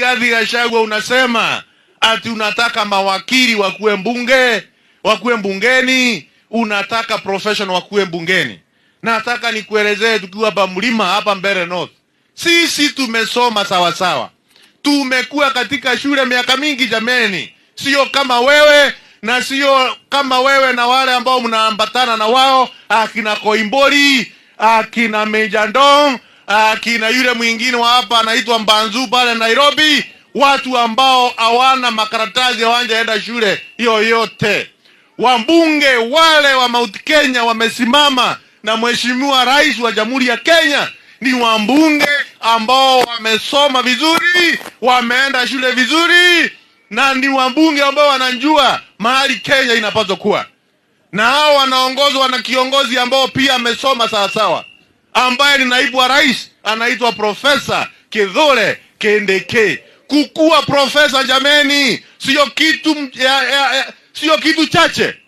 Rigathi Gachagua unasema ati unataka mawakili wakuwe mbunge wakuwe mbungeni, unataka professional wakuwe mbungeni. Nataka nikuelezee, tukiwa hapa mlima hapa mbele North, sisi tumesoma sawasawa, tumekuwa katika shule miaka mingi jameni, sio kama wewe na sio kama wewe na wale ambao mnaambatana na wao, akina Koimbori akina Meja Ndong akina ah, yule mwingine wa hapa anaitwa Mbanzu pale Nairobi, watu ambao hawana makaratasi hawajaenda shule hiyo yote. Wabunge wale wa Mount Kenya wamesimama na mheshimiwa rais wa Jamhuri ya Kenya ni wabunge ambao wamesoma vizuri, wameenda shule vizuri, na ni wabunge ambao wanajua mahali Kenya inapaswa kuwa, na hao wanaongozwa na kiongozi ambao pia amesoma sawasawa ambaye ni naibu wa rais anaitwa Profesa Kithure Kindiki. Kukuwa profesa, jameni, sio kitu, kitu chache.